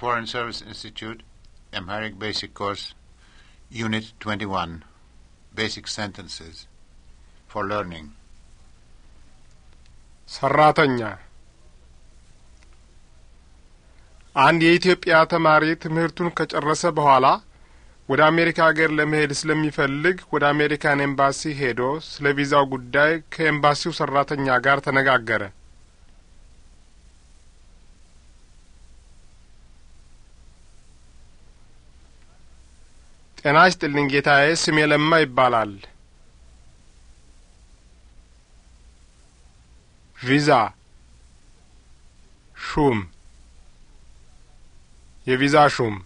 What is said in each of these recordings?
Foreign Service Institute, Amharic Basic Course, Unit 21, Basic Sentences, for Learning. ሰራተኛ አንድ የኢትዮጵያ ተማሪ ትምህርቱን ከጨረሰ በኋላ ወደ አሜሪካ ሀገር ለመሄድ ስለሚፈልግ ወደ አሜሪካን ኤምባሲ ሄዶ ስለ ቪዛው ጉዳይ ከኤምባሲው ሰራተኛ ጋር ተነጋገረ። ጤና ይስጥልኝ ጌታዬ። ስሜ ለማ ይባላል። ቪዛ ሹም የቪዛ ሹም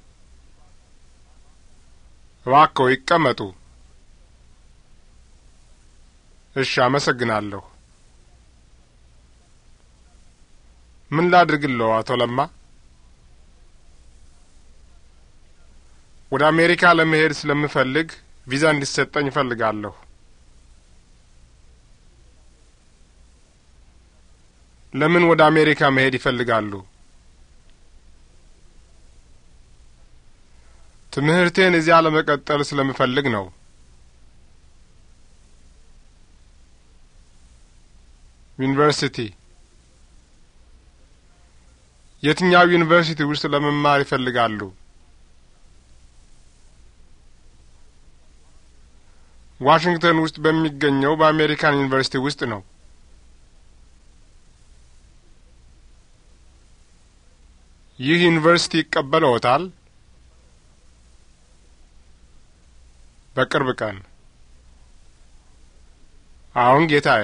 እባክዎ ይቀመጡ። እሺ፣ አመሰግናለሁ። ምን ላድርግልዎ አቶ ለማ? ወደ አሜሪካ ለመሄድ ስለምፈልግ ቪዛ እንዲሰጠኝ እፈልጋለሁ። ለምን ወደ አሜሪካ መሄድ ይፈልጋሉ? ትምህርቴን እዚያ ለመቀጠል ስለምፈልግ ነው። ዩኒቨርሲቲ የትኛው ዩኒቨርሲቲ ውስጥ ለመማር ይፈልጋሉ? ዋሽንግተን ውስጥ በሚገኘው በአሜሪካን ዩኒቨርሲቲ ውስጥ ነው። ይህ ዩኒቨርሲቲ ይቀበለዎታል? በቅርብ ቀን። አሁን ጌታዬ፣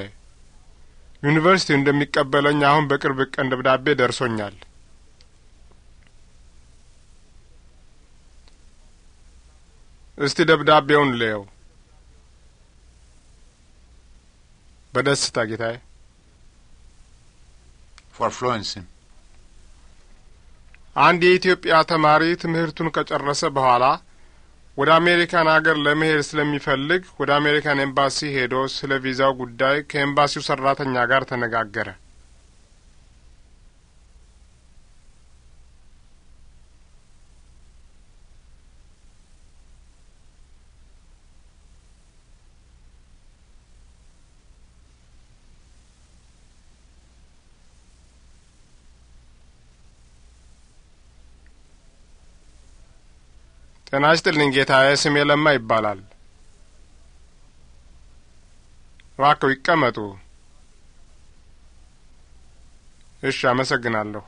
ዩኒቨርሲቲው እንደሚቀበለኝ አሁን በቅርብ ቀን ደብዳቤ ደርሶኛል። እስቲ ደብዳቤውን ልየው። በደስታ ጌታዬ። ፎር አንድ የኢትዮጵያ ተማሪ ትምህርቱን ከጨረሰ በኋላ ወደ አሜሪካን አገር ለመሄድ ስለሚፈልግ ወደ አሜሪካን ኤምባሲ ሄዶ ስለ ቪዛው ጉዳይ ከኤምባሲው ሰራተኛ ጋር ተነጋገረ። ጤና ይስጥልኝ ጌታዬ። ስሜ ለማ ይባላል። እባክዎ ይቀመጡ። እሺ፣ አመሰግናለሁ።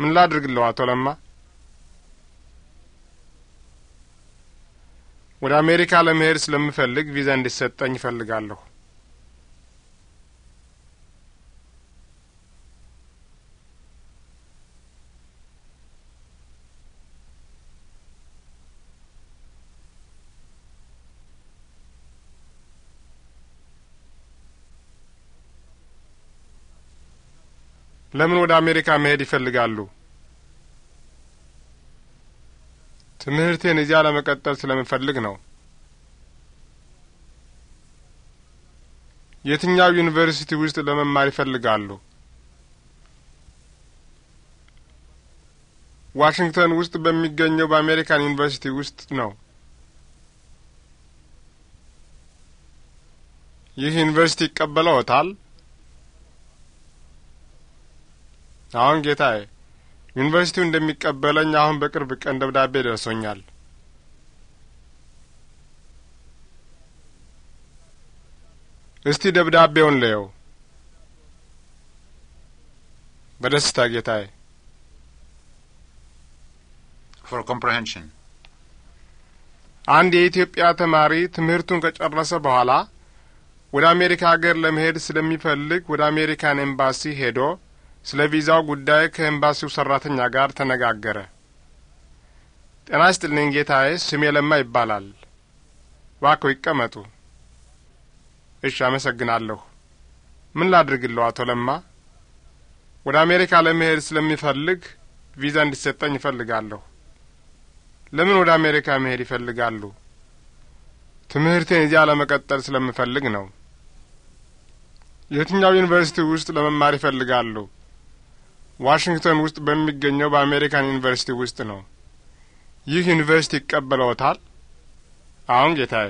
ምን ላድርግለው አቶ ለማ? ወደ አሜሪካ ለመሄድ ስለምፈልግ ቪዛ እንዲሰጠኝ እፈልጋለሁ። ለምን ወደ አሜሪካ መሄድ ይፈልጋሉ? ትምህርቴን እዚያ ለመቀጠል ስለምፈልግ ነው። የትኛው ዩኒቨርሲቲ ውስጥ ለመማር ይፈልጋሉ? ዋሽንግተን ውስጥ በሚገኘው በአሜሪካን ዩኒቨርሲቲ ውስጥ ነው። ይህ ዩኒቨርሲቲ ይቀበለዎታል? አሁን ጌታዬ፣ ዩኒቨርሲቲው እንደሚቀበለኝ አሁን በቅርብ ቀን ደብዳቤ ደርሶኛል። እስቲ ደብዳቤውን ለየው። በደስታ ጌታዬ። ፎር ኮምፕሬንሽን አንድ የኢትዮጵያ ተማሪ ትምህርቱን ከጨረሰ በኋላ ወደ አሜሪካ ሀገር ለመሄድ ስለሚፈልግ ወደ አሜሪካን ኤምባሲ ሄዶ ስለ ቪዛው ጉዳይ ከኤምባሲው ሰራተኛ ጋር ተነጋገረ። ጤና ይስጥልኝ ጌታዬ፣ ስሜ ለማ ይባላል። ዋኮ ይቀመጡ። እሺ፣ አመሰግናለሁ። ምን ላድርግለሁ አቶ ለማ? ወደ አሜሪካ ለመሄድ ስለሚፈልግ ቪዛ እንዲሰጠኝ ይፈልጋለሁ። ለምን ወደ አሜሪካ መሄድ ይፈልጋሉ? ትምህርቴን እዚያ ለመቀጠል ስለምፈልግ ነው። የትኛው ዩኒቨርሲቲ ውስጥ ለመማር ይፈልጋሉ? ዋሽንግተን ውስጥ በሚገኘው በአሜሪካን ዩኒቨርሲቲ ውስጥ ነው። ይህ ዩኒቨርሲቲ ይቀበለዎታል? አሁን ጌታዬ፣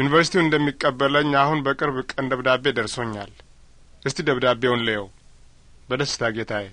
ዩኒቨርሲቲው እንደሚቀበለኝ አሁን በቅርብ ቀን ደብዳቤ ደርሶኛል። እስቲ ደብዳቤውን ለየው። በደስታ ጌታዬ።